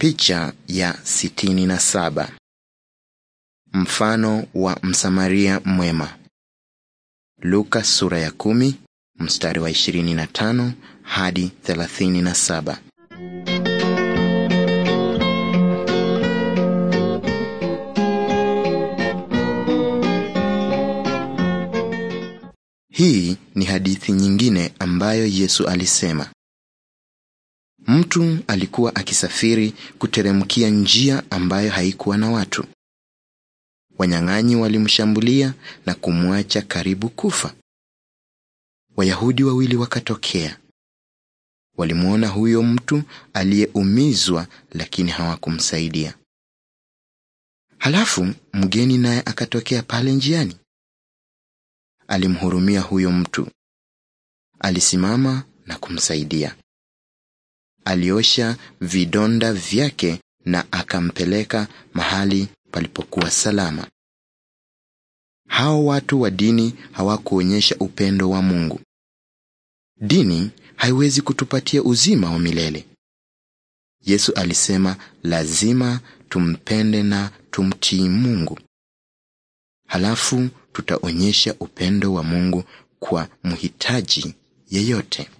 Picha ya sitini na saba. Mfano wa Msamaria mwema. Luka sura ya kumi, mstari wa ishirini na tano hadi thelathini na saba. Hii ni hadithi nyingine ambayo Yesu alisema, Mtu alikuwa akisafiri kuteremkia njia ambayo haikuwa na watu. Wanyang'anyi walimshambulia na kumwacha karibu kufa. Wayahudi wawili wakatokea. Walimwona huyo mtu aliyeumizwa lakini hawakumsaidia. Halafu mgeni naye akatokea pale njiani. Alimhurumia huyo mtu. Alisimama na kumsaidia aliosha vidonda vyake na akampeleka mahali palipokuwa salama. Hao watu wa dini hawakuonyesha upendo wa Mungu. Dini haiwezi kutupatia uzima wa milele. Yesu alisema lazima tumpende na tumtii Mungu. Halafu tutaonyesha upendo wa Mungu kwa mhitaji yeyote.